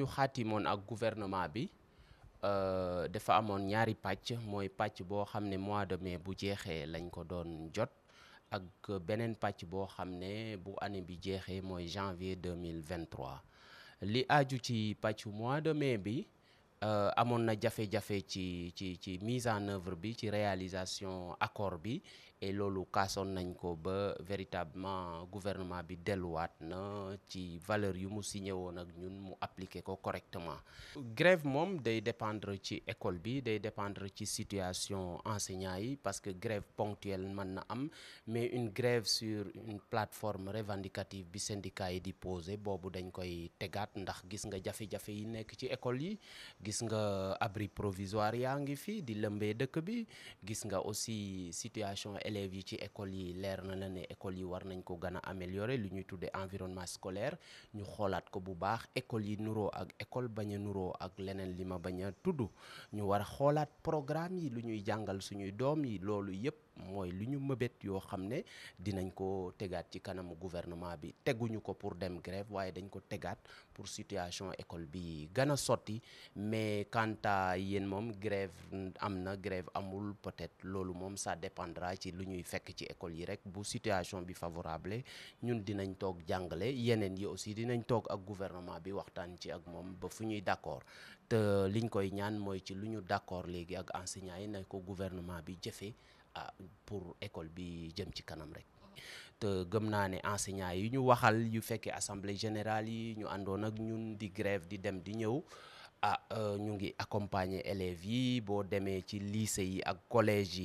ñu xaatimoon ak gouvernement bi euh, dafa amoon ñaari pàcc mooy pàcc boo xam ne mois de mai bu jeexee lañ ko doon jot ak beneen pàcc boo xam ne bu année bi jeexee mooy janvier 2023 li aju ci pàccu mois de mai bi Euh, amoon na jafe-jafe ci ci ci mise en œuvre bi ci réalisation accord bi et loolu kaasoon nañ ko ba véritablement gouvernement bi delluwaat na ci valeur yu mu signé woon ak ñun mu appliquer ko correctement. grève moom day dépendre ci école bi day dépendre ci situation enseignant yi parce que grève ponctuelle mën na am mais une grève sur une plateforme revendicative bi syndicat yi di posé boobu dañ koy tegaat ndax gis nga jafe-jafe yi nekk ci école yi. gis nga abri provisoire yaa ngi fi di lëmbee dëkk bi gis nga aussi situation élèves yi ci école yi leer na la ne école yi war nañ ko gën a améliorer lu ñuy tuddee environnement scolaire ñu xoolaat ko bu baax école yi nuroo ak école bañ a nuroo ak leneen li ma bañ a tudd ñu war xoolaat programme yi lu ñuy jàngal suñuy doom yi loolu yëpp mooy lu ñu mëbét yoo xam ne dinañ ko tegaat ci kanamu gouvernement bi teguñu ko pour dem grève waaye dañ ko tegaat pour situation école bi gana sotti mais quant yen moom grève am na grève amul peut-être loolu moom ça dépendra ci lu ñuy fekk ci école yi rek bu situation bi favorable ñun dinañ toog jàngale yeneen yi aussi dinañ toog ak gouvernement bi waxtaan ci ak moom ba fu ñuy d'accord te liñ koy ñaan mooy ci lu ñu d'accord léegi ak enseignants yi na ko gouvernement bi jëfee ah pour école bi jëm ci kanam rek. te gëm naa ne enseignants yi ñu waxal yu fekkee assemblée générale yi ñu àndoon ak ñun di grève di dem di ñëw. ah euh, ñu ngi accompagner élèves yi boo demee ci lycée yi ak collège yi